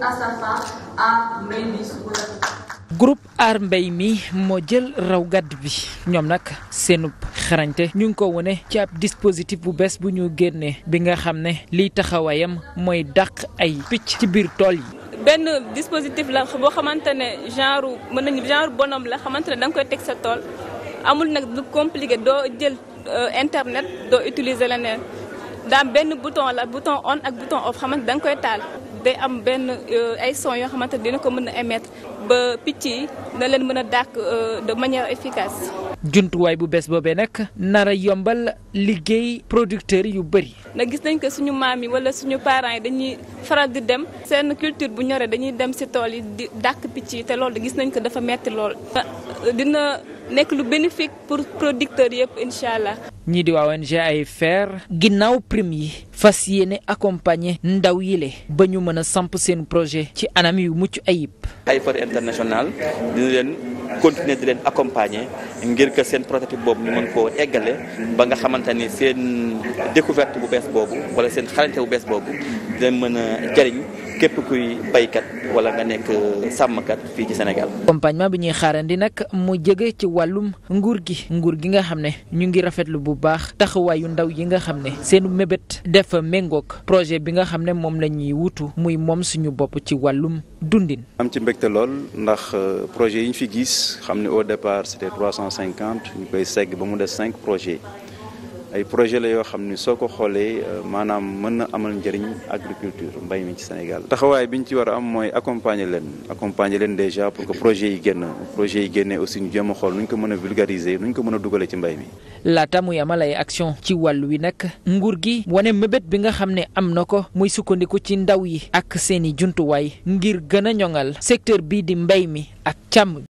Asafa groupe aar mbay mi moo jël raw gàdd bi ñoom nag seenub xarañte ñu ngi ko wone ci ab dispositif bu bees bu ñu génnee bi nga xam ne liy taxawaayam mooy dàq ay picc ci biir tool yi. benn dispositif la boo xamante ne genre mën nañu genre bonhomme la xamante ne da koy teg sa tool amul nag du compliqué doo jël euh, internet doo utiliser leneen. daam benn bouton la buton on ak bouton off xamante da nga koy taal day am benn euh, ay son yoo xamante dina ko mën a émettre ba picc yi na leen mën a dàq euh, de manière efficace. jumtuwaay bu bees boobee nag nar a yombal liggéey producteurs yu bëri. na gis nañ ko suñu maam yi wala suñu parent yi dañuy. faral di dem seen culture bu ñoree dañuy dem si tool yi di dàkk picc yi te loolu gis nañ ko dafa metti lool. dina nekk lu bénéfique pour producteurs yëpp incha allah. ñii di waa ONG fair ginnaaw prime yi. fas yéene accompagner ndaw yile ba ñu mën a samp seen projet. ci anam yu mucc ayib. AIFR international dina leen. continuer di leen accompagner ngir que seen prototype boobu ñu mën koo eggale ba nga xamante ni seen découverte bu bees boobu wala seen xarañte bu bees boobu dinañ mën a jëriñ képp kuy baykat wala nga nekk sàmmkat fii ci Sénégal. compagnement bi ñuy xaarandi nag mu jege ci wàllum nguur gi nguur gi nga xam ne ñu ngi rafetlu bu baax taxawaayu ndaw yi nga xam ne seen mébét defa méngoog projet bi nga xam ne moom la ñuy wutu muy moom suñu bopp ci wàllum dundin. am ci mbégte lool ndax euh, projet yi ñu fi gis xam ne au départ c'était trois cent cinquante ñu koy segg ba mu des cinq projets. ay projet la yoo xam ni soo ko xoolee euh, maanaam mën na amal njëriñ agriculture mbay mi ci Sénégal taxawaay bi ñu ci war a am mooy accompagner leen accompagner leen déjà pour que projet yi génn projet yi génne aussi ñu jéem a xool nuñ ko mën a vulgariser nuñ ko mën a dugale ci mbay mi laata muy amal ay action ci wàllu wi nag nguur gi wane mébét bi nga xam ne am na ko muy sukkandiku ci ndaw yi ak seeni jumtuwaay ngir gën a ñoŋal secteur bii di mbay mi ak càmm